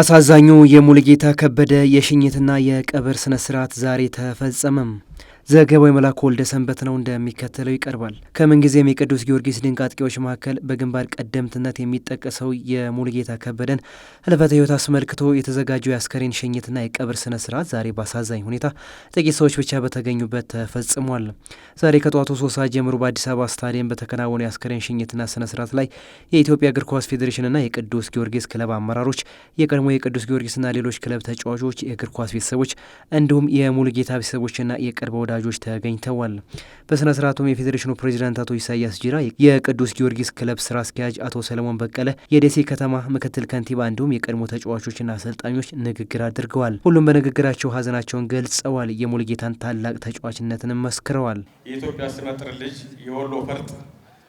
አሳዛኙ የሙሉጌታ ከበደ የሽኝትና የቀብር ስነ ስርዓት ዛሬ ተፈጸመም። ዘገባው የመላኩ ወልደ ሰንበት ነው፣ እንደሚከተለው ይቀርባል። ከምንጊዜም የቅዱስ ጊዮርጊስ ድንቅ አጥቂዎች መካከል በግንባር ቀደምትነት የሚጠቀሰው የሙሉጌታ ከበደን ህልፈተ ህይወት አስመልክቶ የተዘጋጀው የአስከሬን ሽኝትና የቀብር ስነ ስርዓት ዛሬ በአሳዛኝ ሁኔታ ጥቂት ሰዎች ብቻ በተገኙበት ተፈጽሟል። ዛሬ ከጠዋቱ ሶስት ሰዓት ጀምሮ በአዲስ አበባ ስታዲየም በተከናወኑ የአስከሬን ሽኝትና ስነ ስርዓት ላይ የኢትዮጵያ እግር ኳስ ፌዴሬሽንና የቅዱስ ጊዮርጊስ ክለብ አመራሮች፣ የቀድሞ የቅዱስ ጊዮርጊስና ሌሎች ክለብ ተጫዋቾች፣ የእግር ኳስ ቤተሰቦች እንዲሁም የሙሉጌታ ቤተሰቦችና የቅርበ ወዳ ወዳጆች ተገኝተዋል። በስነ ስርዓቱም የፌዴሬሽኑ ፕሬዚዳንት አቶ ኢሳያስ ጂራ፣ የቅዱስ ጊዮርጊስ ክለብ ስራ አስኪያጅ አቶ ሰለሞን በቀለ፣ የደሴ ከተማ ምክትል ከንቲባ እንዲሁም የቀድሞ ተጫዋቾችና አሰልጣኞች ንግግር አድርገዋል። ሁሉም በንግግራቸው ሀዘናቸውን ገልጸዋል። የሙልጌታን ታላቅ ተጫዋችነትንም መስክረዋል። የኢትዮጵያ ስመጥር ልጅ የወሎ ፈርጥ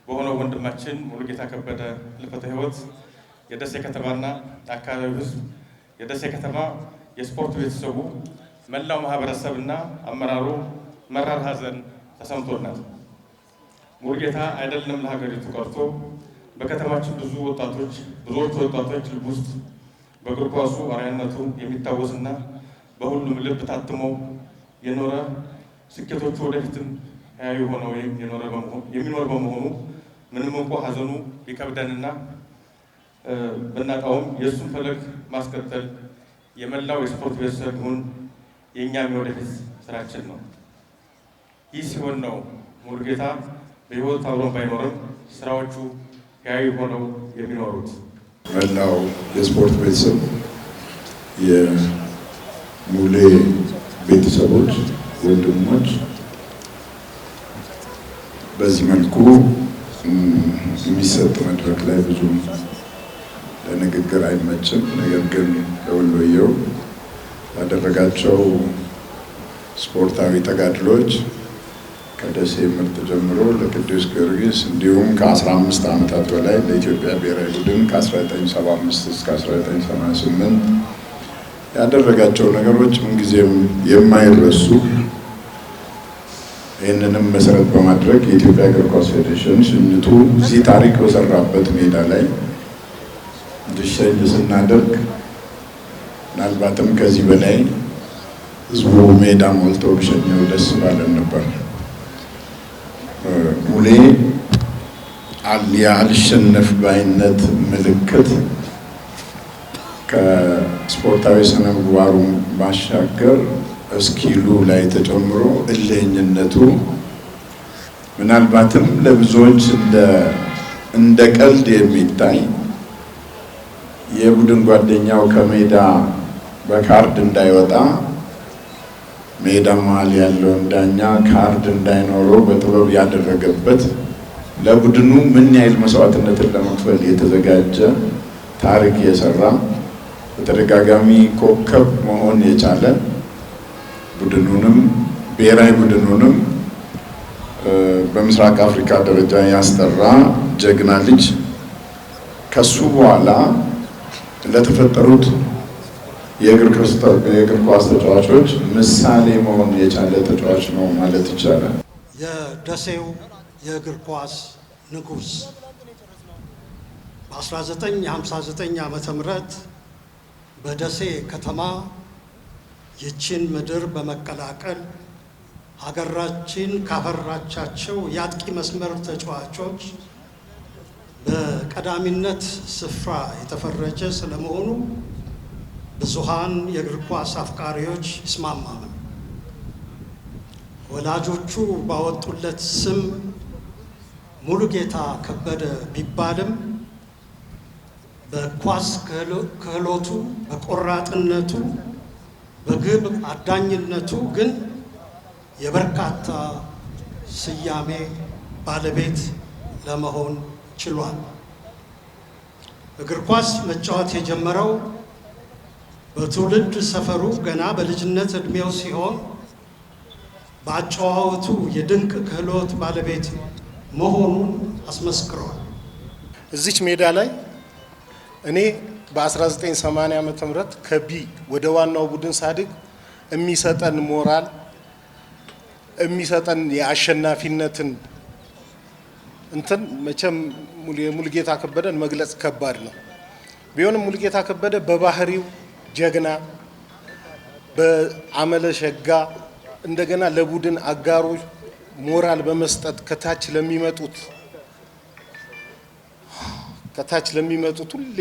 በሆነው ወንድማችን ሙሉጌታ ከበደ ህልፈተ ህይወት የደሴ ከተማና የአካባቢው ህዝብ የደሴ ከተማ የስፖርት ቤተሰቡ መላው ማህበረሰብና አመራሩ መራር ሀዘን ተሰምቶናል። ሙሉጌታ አይደለም ለሀገሪቱ ቀርቶ በከተማችን ብዙ ወጣቶች ብዙዎቹ ወጣቶች ልብ ውስጥ በእግር ኳሱ አርአያነቱ የሚታወስና በሁሉም ልብ ታትሞ የኖረ ስኬቶቹ ወደፊትም ያዩ ሆነው የሚኖር በመሆኑ ምንም እንኳ ሐዘኑ ቢከብደንና ብናጣውም የእሱን ፈለግ ማስከተል የመላው የስፖርት ቤተሰብ ይሁን የእኛም የወደፊት ስራችን ነው። ይህ ሲሆን ነው ሙሉጌታ በሕይወት አብሮ ባይኖርም ስራዎቹ ያዩ ሆነው የሚኖሩት። መላው የስፖርት ቤተሰብ የሙሌ ቤተሰቦች፣ ወንድሞች በዚህ መልኩ የሚሰጥ መድረክ ላይ ብዙም ለንግግር አይመችም። ነገር ግን ለወሎየው ያደረጋቸው ስፖርታዊ ተጋድሎች ከደሴ ምርጥ ጀምሮ ለቅዱስ ጊዮርጊስ እንዲሁም ከ15 ዓመታት በላይ ለኢትዮጵያ ብሔራዊ ቡድን ከ1975 እስከ 1988 ያደረጋቸው ነገሮች ምንጊዜም የማይረሱ ይህንንም መሰረት በማድረግ የኢትዮጵያ እግር ኳስ ፌዴሬሽን ሽኝቱ እዚህ ታሪክ በሰራበት ሜዳ ላይ እንዲሸኝ ስናደርግ ምናልባትም ከዚህ በላይ ህዝቡ ሜዳ ሞልቶ ሸኘው ደስ ባለን ነበር። የአልሸነፍ ባይነት ምልክት ከስፖርታዊ ስነምግባሩ ባሻገር እስኪሉ ላይ ተጨምሮ እልህኝነቱ ምናልባትም ለብዙዎች እንደ ቀልድ የሚታይ የቡድን ጓደኛው ከሜዳ በካርድ እንዳይወጣ ሜዳ መሀል ያለውን ዳኛ ካርድ እንዳይኖረው በጥበብ ያደረገበት ለቡድኑ ምን ያህል መስዋዕትነትን ለመክፈል የተዘጋጀ ታሪክ የሰራ በተደጋጋሚ ኮከብ መሆን የቻለ ቡድኑንም ብሔራዊ ቡድኑንም በምስራቅ አፍሪካ ደረጃ ያስጠራ ጀግና ልጅ ከሱ በኋላ ለተፈጠሩት የእግር ኳስ ተጫዋቾች ምሳሌ መሆን የቻለ ተጫዋች ነው ማለት ይቻላል። የደሴው የእግር ኳስ ንጉስ በ1959 ዓ ም በደሴ ከተማ ይችን ምድር በመቀላቀል ሀገራችን ካፈራቻቸው የአጥቂ መስመር ተጫዋቾች በቀዳሚነት ስፍራ የተፈረጀ ስለመሆኑ ብዙሃን የእግር ኳስ አፍቃሪዎች ይስማማሉ። ወላጆቹ ባወጡለት ስም ሙሉ ጌታ ከበደ ቢባልም በኳስ ክህሎቱ፣ በቆራጥነቱ፣ በግብ አዳኝነቱ ግን የበርካታ ስያሜ ባለቤት ለመሆን ችሏል። እግር ኳስ መጫወት የጀመረው በትውልድ ሰፈሩ ገና በልጅነት ዕድሜው ሲሆን በአጨዋወቱ የድንቅ ክህሎት ባለቤት መሆኑን አስመስክረዋል። እዚች ሜዳ ላይ እኔ በ1980 ዓ ም ከቢ ወደ ዋናው ቡድን ሳድግ የሚሰጠን ሞራል የሚሰጠን የአሸናፊነትን እንትን መቼም ሙልጌታ ከበደን መግለጽ ከባድ ነው። ቢሆንም ሙልጌታ ከበደ በባህሪው ጀግና፣ በአመለ ሸጋ እንደገና ለቡድን አጋሮች ሞራል በመስጠት ከታች ለሚመጡት ከታች ለሚመጡት ሁሌ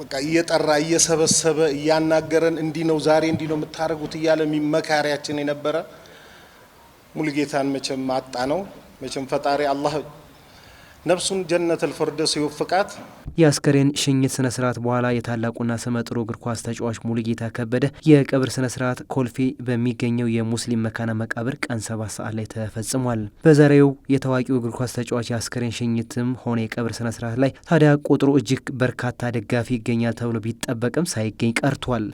በቃ እየጠራ እየሰበሰበ እያናገረን እንዲ ነው ዛሬ እንዲ ነው የምታደርጉት እያለ መካሪያችን የነበረ ሙሉጌታን መቼም አጣ ነው። መቼም ፈጣሪ አላህ ነፍሱን ጀነት ፊርደውስ ይወፍቃት። የአስከሬን ሽኝት ስነ ስርዓት በኋላ የታላቁና ስመጥሩ እግር ኳስ ተጫዋች ሙሉጌታ ከበደ የቀብር ስነ ስርዓት ኮልፌ በሚገኘው የሙስሊም መካና መቃብር ቀን ሰባት ሰዓት ላይ ተፈጽሟል። በዛሬው የታዋቂው እግር ኳስ ተጫዋች የአስከሬን ሽኝትም ሆነ የቀብር ስነ ስርዓት ላይ ታዲያ ቁጥሩ እጅግ በርካታ ደጋፊ ይገኛል ተብሎ ቢጠበቅም ሳይገኝ ቀርቷል።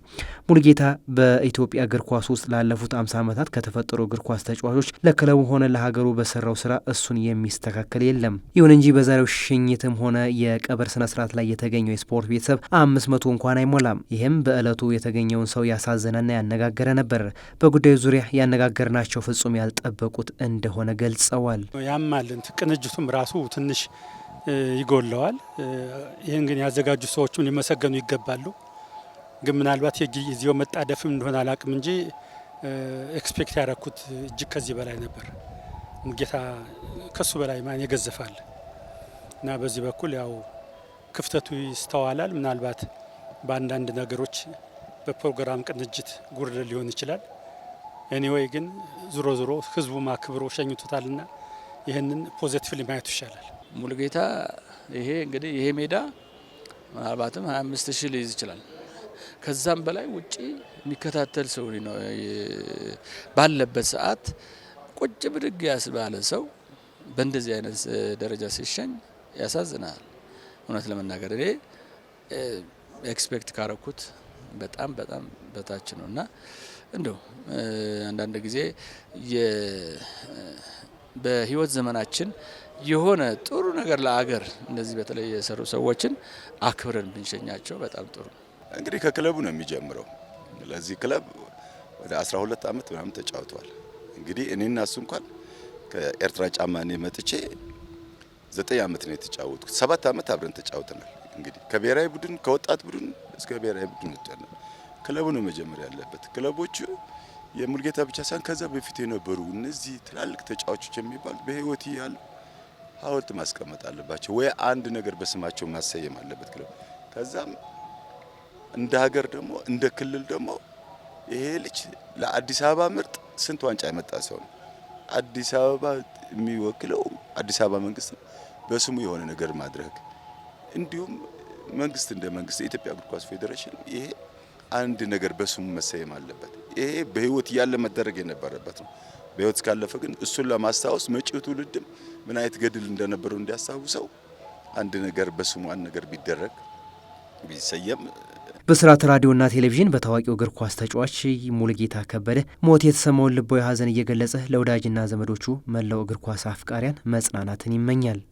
ሙሉጌታ በኢትዮጵያ እግር ኳስ ውስጥ ላለፉት አምሳ ዓመታት ከተፈጠሩ እግር ኳስ ተጫዋቾች ለክለቡ ሆነ ለሀገሩ በሰራው ስራ እሱን የሚስተካከል የለም። ይሁን እንጂ እንጂ በዛሬው ሽኝትም ሆነ የቀብር ስነ ስርዓት ላይ የተገኘው የስፖርት ቤተሰብ አምስት መቶ እንኳን አይሞላም። ይህም በዕለቱ የተገኘውን ሰው ያሳዘነና ያነጋገረ ነበር። በጉዳዩ ዙሪያ ያነጋገርናቸው ፍጹም ያልጠበቁት እንደሆነ ገልጸዋል። ያማልን ቅንጅቱም ራሱ ትንሽ ይጎለዋል። ይህን ግን ያዘጋጁ ሰዎችም ሊመሰገኑ ይገባሉ። ግን ምናልባት የጊዜው መጣደፍም እንደሆነ አላቅም እንጂ ኤክስፔክት ያረኩት እጅግ ከዚህ በላይ ነበር። ጌታ ከሱ በላይ ማን ይገዘፋል? እና በዚህ በኩል ያው ክፍተቱ ይስተዋላል። ምናልባት በአንዳንድ ነገሮች በፕሮግራም ቅንጅት ጉርድ ሊሆን ይችላል። ኤኒዌይ ግን ዞሮ ዞሮ ህዝቡ አክብሮ ሸኝቶታልና ይህንን ፖዘቲቭሊ ማየቱ ይሻላል። ሙሉጌታ ይሄ እንግዲህ ይሄ ሜዳ ምናልባትም 25 ሺህ ሊይዝ ይችላል። ከዛም በላይ ውጪ የሚከታተል ሰው ባለበት ሰዓት ቁጭ ብድግ ያስባለ ሰው በእንደዚህ አይነት ደረጃ ሲሸኝ ያሳዝናል። እውነት ለመናገር እኔ ኤክስፔክት ካረኩት በጣም በጣም በታች ነው እና እንዲሁ አንዳንድ ጊዜ በህይወት ዘመናችን የሆነ ጥሩ ነገር ለአገር እንደዚህ በተለይ የሰሩ ሰዎችን አክብረን ብንሸኛቸው በጣም ጥሩ። እንግዲህ ከክለቡ ነው የሚጀምረው። ለዚህ ክለብ ወደ 12 ዓመት ምናምን ተጫውተዋል። እንግዲህ እኔና እሱ እንኳን ከኤርትራ ጫማ እኔ መጥቼ ዘጠኝ ዓመት ነው የተጫወትኩት። ሰባት ዓመት አብረን ተጫውተናል። እንግዲህ ከብሔራዊ ቡድን ከወጣት ቡድን እስከ ብሔራዊ ቡድን ወጥተናል። ክለቡ ነው መጀመር ያለበት። ክለቦቹ የሙልጌታ ብቻ ሳይሆን ከዛ በፊት የነበሩ እነዚህ ትላልቅ ተጫዋቾች የሚባሉት በህይወት ያሉ ሐውልት ማስቀመጥ አለባቸው ወይ አንድ ነገር በስማቸው ማሰየም አለበት ክለቡ። ከዛም እንደ ሀገር ደግሞ እንደ ክልል ደግሞ ይሄ ልጅ ለአዲስ አበባ ምርጥ ስንት ዋንጫ የመጣ ሰው ነው። አዲስ አበባ የሚወክለው አዲስ አበባ መንግስት ነው። በስሙ የሆነ ነገር ማድረግ እንዲሁም መንግስት እንደ መንግስት የኢትዮጵያ እግር ኳስ ፌዴሬሽን ይሄ አንድ ነገር በስሙ መሰየም አለበት። ይሄ በህይወት እያለ መደረግ የነበረበት ነው። በህይወት ካለፈ ግን እሱን ለማስታወስ መጪው ትውልድም ምን አይነት ገድል እንደነበረው እንዲያስታውሰው አንድ ነገር በስሙ አንድ ነገር ቢደረግ ቢሰየም ብስራት ራዲዮና ቴሌቪዥን በታዋቂው እግር ኳስ ተጫዋች ሙሉጌታ ከበደ ሞት የተሰማውን ልባዊ ሐዘን እየገለጸ ለወዳጅና ዘመዶቹ መላው እግር ኳስ አፍቃሪያን መጽናናትን ይመኛል።